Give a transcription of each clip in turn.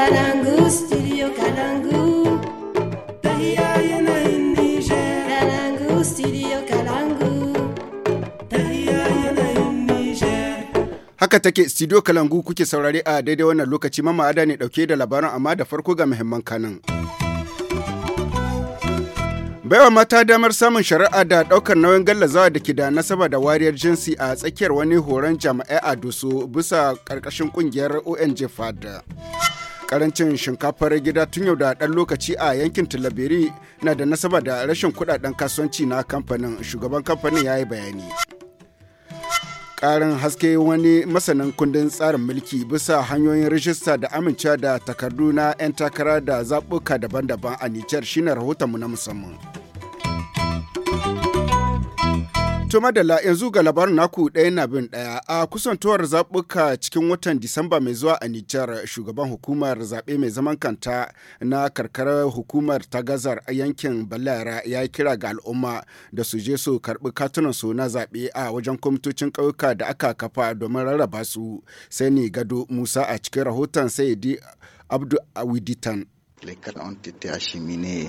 Kalangu, Haka take studio Kalangu kuke saurare a daidai wannan lokaci mamada ne dauke da labaran amma da farko ga muhimman kanan. baiwa mata damar samun shari'a da daukar nauyin gallazawa da ke da nasaba da wariyar jinsi a tsakiyar wani horon jami'ai a doso bisa karkashin kungiyar ong fada Karancin shinkafar gida tun yau da ɗan lokaci a yankin Tilaberi na da nasaba da rashin kuɗaɗen kasuwanci na kamfanin shugaban kamfanin ya yi bayani. Ƙarin haske wani masanin kundin tsarin mulki bisa hanyoyin rijista da amincewa da takardu na 'yan takara da zaɓuka daban-daban a Nijar shine mu na musamman. To madalla yanzu ga labarin naku ɗaya na bin ɗaya a kusantowar zaɓuka cikin watan Disamba mai zuwa a Nijar shugaban hukumar zaɓe mai zaman kanta na karkarar hukumar ta gazar a yankin Balara ya kira ga al'umma da su je su karɓi katunan su na zaɓe a wajen kwamitocin ƙauyuka da aka kafa domin rarraba su sai ni gado Musa a cikin rahoton saidi Abdu Awiditan.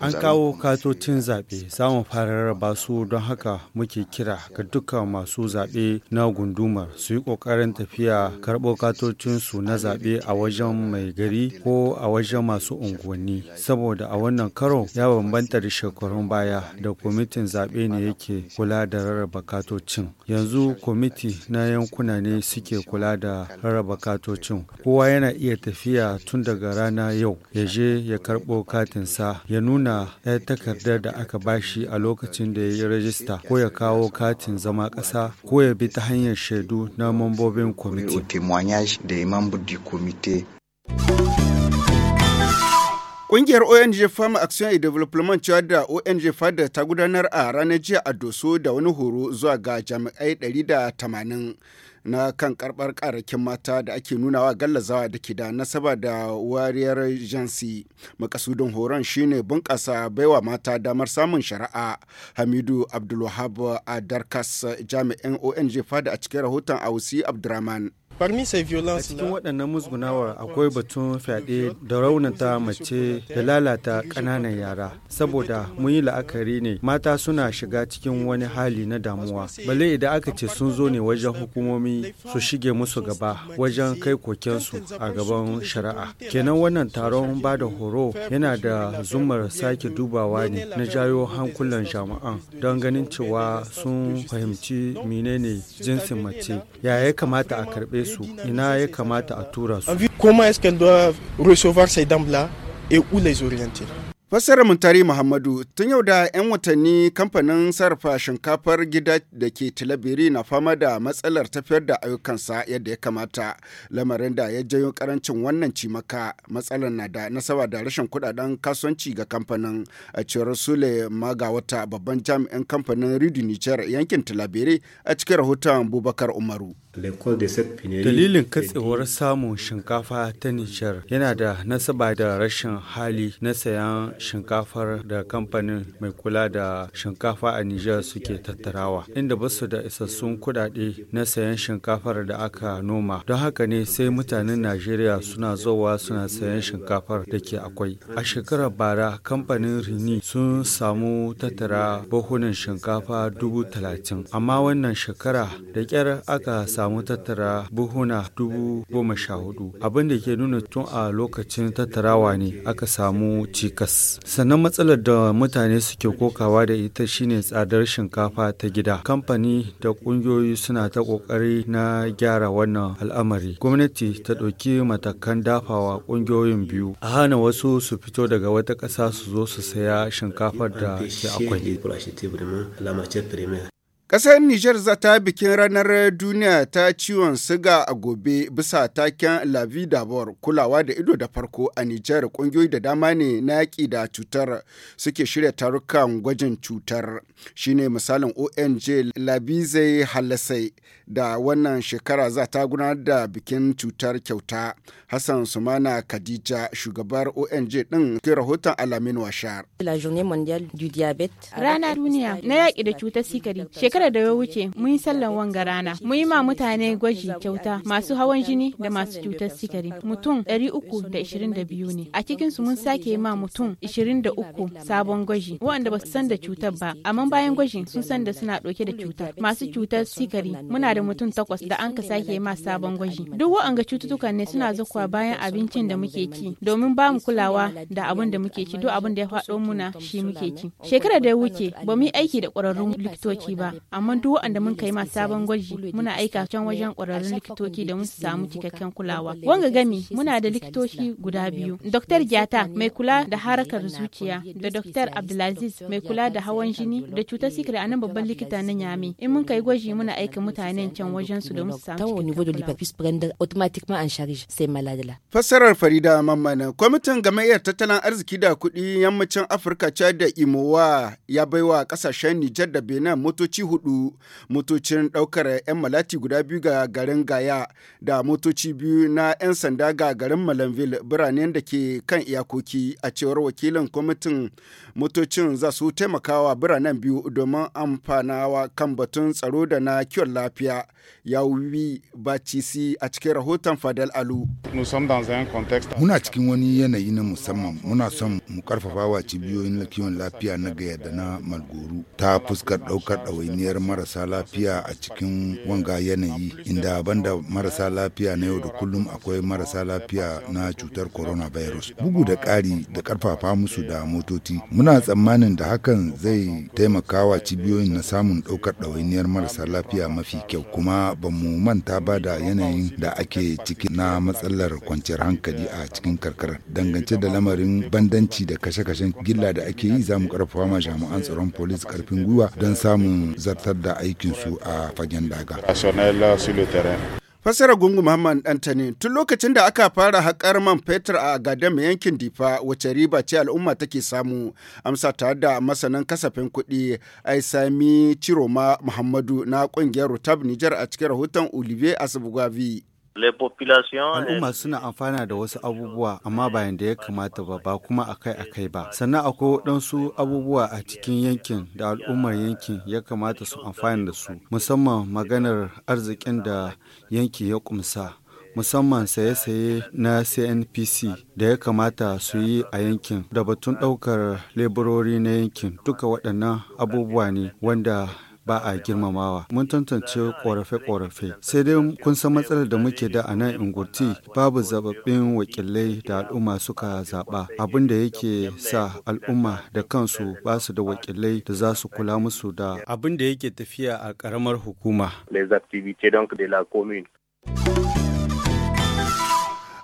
An kawo katocin zaɓe samun fara raba su don haka muke kira ga dukkan masu zaɓe na gundumar su yi ƙoƙarin tafiya karɓo katocinsu na zaɓe a wajen mai gari ko a wajen masu unguwanni saboda a wannan karo ya bambanta da shekarun baya da kwamitin zaɓe ne yake kula da rarraba katocin. Yanzu kwamiti na yankuna ne suke kula da rarraba katocin. Kowa yana iya tafiya tun daga rana yau ya je ya ya karɓo katinsa ya nuna ɗaya takardar da aka bashi a lokacin da ya yi rajista ko ya kawo katin zama ƙasa ko ya bi ta hanyar shaidu na mambobin kwamiti. Ƙungiyar ONG Farm Action and Development cewa da ONG FADA ta gudanar a ranar jiya a Doso da wani horo zuwa ga jami'ai 180 na kan karbar karakin mata da ake nunawa gallazawa da ke da nasaba da wariyar jansi makasudin horon shine bunƙasa baiwa mata damar samun shari'a hamidu abdulwahab a darkas jami'in ong fada a cikin rahoton ausi abdurrahman A cikin waɗannan musgunawar akwai batun fyaɗe da raunata mace da lalata ƙananan yara. Saboda mun yi la'akari ne mata suna shiga cikin wani hali na damuwa. Bale idan aka ce sun zo ne wajen hukumomi su shige musu gaba wajen kai kokensu a gaban shari'a. Kenan wannan taron ba da horo yana da zumar sake dubawa ne na jayo hankulan jama'an don ganin cewa sun fahimci menene jinsin mace. Ya ya kamata a karɓe su ina ya kamata a tura su. Comment est-ce qu'elles doivent recevoir ces fassara Muntari Muhammadu tun yau da 'yan watanni kamfanin sarrafa shinkafar gida da ke Tilabiri na fama da matsalar tafiyar da ayyukansa yadda ya kamata lamarin da ya janyo karancin wannan cimaka matsalar na da nasaba da rashin kudaden kasuwanci ga kamfanin a cewar Sule Magawata babban jami'in kamfanin Ridu Nijar yankin Tilabiri a cikin rahoton Bubakar Umaru. Dalilin katsewar samun shinkafa ta Nijar yana da nasaba da rashin hali na sayan shinkafar da kamfanin mai kula da shinkafa a Nijar suke tattarawa, inda ba su da isassun kuɗaɗe na sayan shinkafar da aka noma. Don haka ne sai mutanen Najeriya suna zowa suna sayan shinkafar da ke akwai. A shekarar bara kamfanin Rini sun samu tattara buhunan shinkafa dubu talatin, amma wannan shekara da kyar aka samu tattara buhuna dubu goma sha hudu, abin da ke nuna tun a lokacin tattarawa ne aka samu cikas. Sannan matsalar da mutane suke kokawa da ita shine tsadar shinkafa ta gida. Kamfani da ƙungiyoyi suna ta ƙoƙari na gyara wannan al'amari. Gwamnati ta ɗauki matakan dafawa ƙungiyoyin biyu. A hana wasu su fito daga wata ƙasa su zo su saya shinkafar da ke akwai. Ƙasar Nijar za ta bikin ranar duniya ta ciwon siga a gobe bisa taken La Vida kulawa da ido da farko a Nijar ƙungiyoyi da dama ne na yaƙi da cutar suke shirya tarukan gwajin cutar. Shine misalin ONG Labize Halasai da wannan shekara za ta gudanar da bikin cutar kyauta. Hassan Sumana Khadija shugabar ONG ɗin ke rahoton Alamin Washar. Rana duniya na yaƙi da cutar sikari Shekarar da ya wuce mun yi sallan wanga rana. Mun yi ma mutane gwaji kyauta masu hawan jini da masu cutar sikari. Mutum 322 ne. A cikin su mun sake ma mutum 23 sabon gwaji waɗanda ba su san da cutar ba. Amma bayan gwaji, sun san da suna ɗauke da cutar. Masu cutar sikari muna da mutum takwas da an ka sake ma sabon gwaji. Duk waɗanda cututtukan ne suna zakwa bayan abincin da muke ci domin ba mu kulawa da abin da muke ci duk abin da ya faɗo muna shi muke ci. Shekarar da ya wuce ba mu yi aiki da ƙwararrun likitoci ba amma duk waɗanda mun kai ma sabon gwaji muna aika can wajen kwararrun likitoci da mun samu cikakken kulawa wanga gami muna da likitoci guda biyu dr gyata mai kula da harakar zuciya da dr abdulaziz mai kula da hawan jini da cutar sikari a nan babban likita na nyame in mun kai gwaji muna aika mutanen can wajen su da mun samu fassarar farida mamman kwamitin gamayyar tattalin arziki da kuɗi yammacin afirka chad da imowa ya baiwa kasashen nijar da benin motoci hudu motocin daukar 'yan malati guda biyu ga garin gaya da motoci biyu na 'yan sanda ga garin malanville biranen da ke kan iyakoki a cewar wakilin kwamitin motocin za su taimakawa biranen biyu domin amfanawa kan batun tsaro da na kiwon lafiya ya wuwi bacisi a cikin rahoton fadal alu muna cikin wani yanayi na musamman muna son mu karfafa wa cibiyoyin kiwon lafiya na gaya da na malgoro ta fuskar daukar ɗawainiya ɗawainiyar marasa lafiya a cikin wanga yanayi inda banda marasa lafiya na yau da kullum akwai marasa lafiya na cutar coronavirus bugu da ƙari da ƙarfafa musu da motoci muna tsammanin da hakan zai taimakawa cibiyoyin na samun ɗaukar ɗawainiyar marasa lafiya mafi kyau kuma ba mu manta ba da yanayin da ake ciki na matsalar kwanciyar hankali a cikin karkara dangance da lamarin bandanci da kashe-kashen gilla da ake yi za mu ƙarfafa ma jami'an tsaron polis karfin gwiwa don samun zar zartar da aikinsu a fagen daga. Fassara Gungu Muhammad Dantani tun lokacin da aka fara haƙar man fetur a gadon mai yankin Difa wace riba ce al'umma take samu amsa tare da masanan kasafin kuɗi Aisami Ciroma Muhammadu na ƙungiyar Rutab Nijar a cikin rahoton Olivier Asibugwavi. Al'umma suna amfana da wasu abubuwa amma ba yadda ya kamata ba ba kuma akai-akai ba. Sannan akwai waɗansu abubuwa a cikin yankin da al'ummar yankin ya kamata su amfana da su musamman maganar arzikin da yanki ya kumsa. musamman saye-saye na cnpc da ya kamata su yi a yankin da batun ɗaukar leburori na yankin duka waɗannan abubuwa ne wanda ba a girmamawa mun tantance ƙorafe-ƙorafe sai dai kun san matsalar da muke da a nan ingurti babu zababbin wakilai da al'umma suka zaɓa abin da yake sa al'umma da kansu ba su da wakilai da za su kula musu da abin da yake tafiya a ƙaramar hukuma.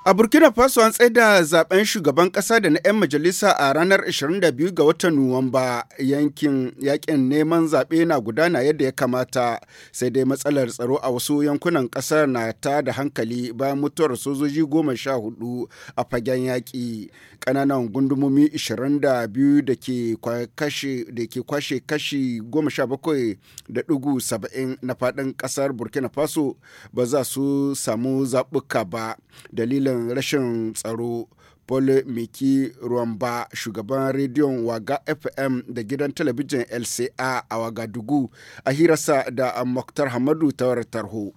A Burkina Faso an da zaben shugaban kasa da na 'yan majalisa a ranar 22 ga watan Nuwamba yankin yakin neman zaɓe na gudana yadda ya kamata sai dai matsalar tsaro a wasu yankunan ƙasar na ta da hankali bayan mutuwar sojoji goma sha hudu a fagen yaƙi. Ƙananan gundumomi 22 da ke kwashe kashi goma sha bakwai da ɗugu saba'in na faɗin ƙasar Burkina Faso ba za su samu zaɓuka ba dalilin dalilin rashin tsaro. Paul Miki Ruwamba, shugaban rediyon Waga FM da gidan talabijin LCA a Wagadugu a hirarsa da Muktar Hamadu tawar tarho.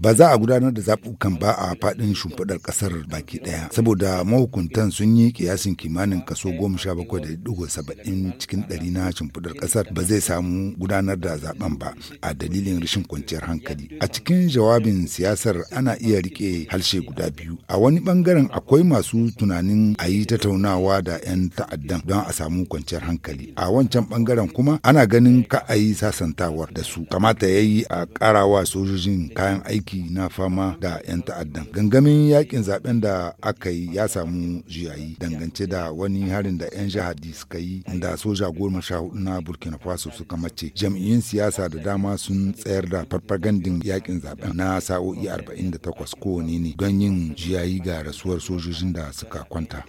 Ba za a gudanar da zaɓukan ba a faɗin shimfiɗar ƙasar baki ɗaya, saboda mahukuntan sun yi kiyasin kimanin kaso goma sha bakwai da saba'in cikin ɗari na shimfiɗar ƙasar ba zai samu gudanar da zaɓen ba a dalilin rashin kwanciyar hankali. A cikin jawabin siyasar ana iya rike harshe guda biyu. A wani ɓangaren akwai masu tunanin a yi tattaunawa da 'yan ta'addan don a samu kwanciyar hankali. A wancan ɓangaren kuma ana ganin ka a yi sasantawar. da su kamata ya yi a karawa sojojin kayan aiki na fama da 'yan ta'addan gangamin yakin zaben da aka yi ya samu juyayi dangance da wani harin da 'yan jihadi suka yi da soja goma sha hudu na burkina faso suka mace jam'iyyun siyasa da dama sun tsayar da farfagandin yakin zaben na sa'o'i arba'in 48 kowane ne don yin juyayi ga rasuwar sojojin da suka kwanta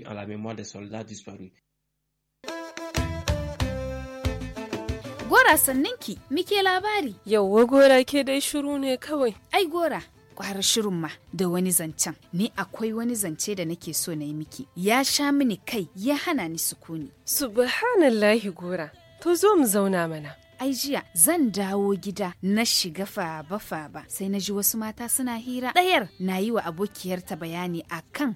Gora sanninki, muke labari. Yauwa gora ke dai shiru ne kawai. Ai gora, ƙwara shirin ma da wani zancen. Ni akwai wani zance da nake so na yi miki. Ya sha mini kai, ya hana ni sukuni. Subhanallahi gora, to zo mu zauna mana. ai jiya zan dawo gida na shiga faba-faba sai na ji wasu mata suna hira ɗayar na yi wa abokiyarta bayani akan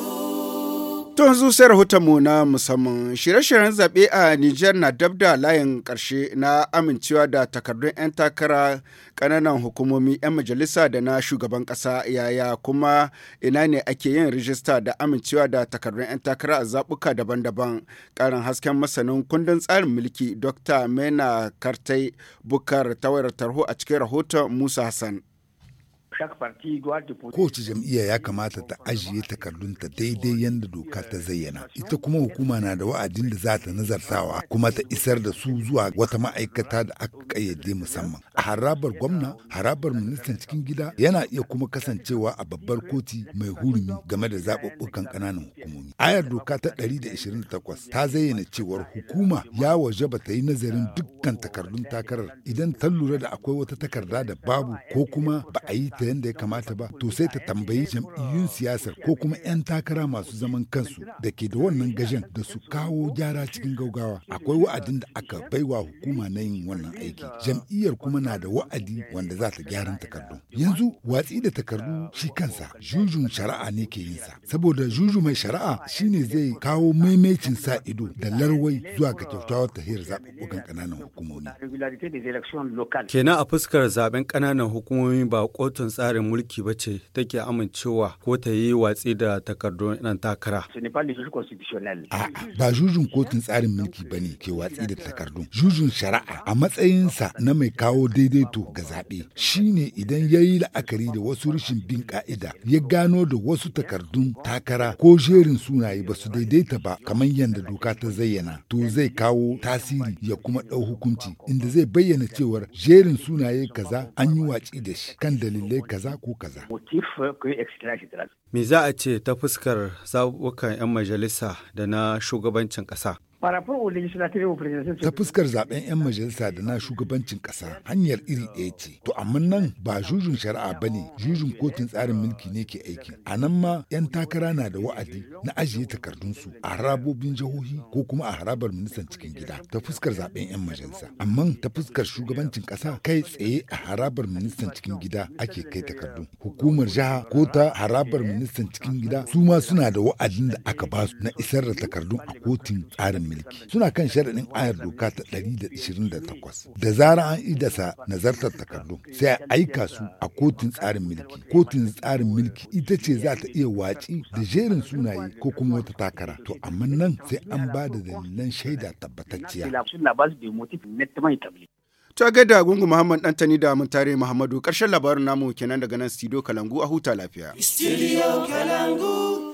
Tun rahoton mu na musamman shirye-shiryen zaɓe a Nijar na dab da layin ƙarshe na amincewa da takardun 'yan takara ƙananan hukumomi 'yan majalisa da na shugaban ƙasa yaya kuma ina ne ake yin rijista da amincewa da takardun 'yan takara a zaɓuka daban-daban. Ƙarin hasken masanin kundin tsarin mulki Dr. Mena Kartai Bukar wayar tarho a cikin rahoton Musa Hassan. Kowace jam'iyya ya kamata ta ajiye takardunta daidai yadda doka ta zayyana. Ita kuma hukuma na da wa'adin da za ta nazartawa kuma ta isar da su zuwa wata ma'aikata da aka ƙayyade musamman. A harabar gwamna, harabar ministan cikin gida yana iya kuma kasancewa a babbar koti mai hurumi game da zaɓuɓɓukan ƙananan hukumomi. Ayar doka ta 128 ta zayyana cewar hukuma ya waje ba ta yi nazarin dukkan takardun takarar idan ta lura da akwai wata takarda da babu ko kuma ba a yi ta yadda ya kamata ba to sai ta tambayi jam'iyyun siyasar ko kuma 'yan takara masu zaman kansu da ke da wannan gajen da su kawo gyara cikin gaugawa akwai wa'adin da aka baiwa hukuma na yin wannan aiki aiki jam'iyyar kuma na da wa'adi wanda za ta gyaran takardu yanzu watsi da takardu shi kansa jujun shari'a ne ke yin sa saboda juju mai shari'a shine zai kawo maimaicin sa ido da larwai zuwa ga kyautawar tahiyar zaɓuɓɓukan ƙananan hukumomi kenan a fuskar zaben ƙananan hukumomi ba kotun tsarin mulki ba ce take amincewa ko ta yi watsi da takardun ɗan takara a'a ba jujun kotun tsarin mulki ba ne ke watsi da takardun jujun shari'a a matsayin ƙarfinsa na mai kawo daidaito ga zaɓe shi ne idan ya yi la'akari da wasu rashin bin ƙa'ida ya gano da wasu takardun takara ko jerin sunaye ba su daidaita ba kamar yadda doka ta zayyana to zai kawo tasiri ya kuma ɗau hukunci inda zai bayyana cewar jerin sunaye kaza an yi watsi da shi kan dalilai kaza ko kaza. Euh, Me za a ce ta fuskar zaɓuɓɓukan 'yan majalisa da na shugabancin ƙasa? Ta fuskar zaben 'yan majalisa da na shugabancin kasa hanyar iri ɗaya ce. To amma nan ba jujun shari'a bane jujun kotun tsarin mulki ne ke aiki. A nan ma 'yan takara na da wa'adi na ajiye takardun su a harabobin jihohi ko kuma a harabar ministan cikin gida ta fuskar zaben 'yan majalisa. Amma ta fuskar shugabancin kasa kai tsaye a harabar ministan cikin gida ake kai takardun. Hukumar jiha ko ta harabar ministan cikin gida su ma suna da wa'adin da aka ba su na isar da takardun a kotun tsarin mulki suna kan sharaɗin ayar doka ta 128 da zarar an idasa nazartar takardu sai a aika su a kotun tsarin mulki kotun tsarin mulki ita ce za ta iya watsi da jerin sunaye ko kuma wata takara to amma nan sai an ba da dalilan shaida tabbatacciya ta gaida gungu muhammad tani da tare muhammadu karshen labarin namu kenan daga nan studio kalangu a huta lafiya studio kalangu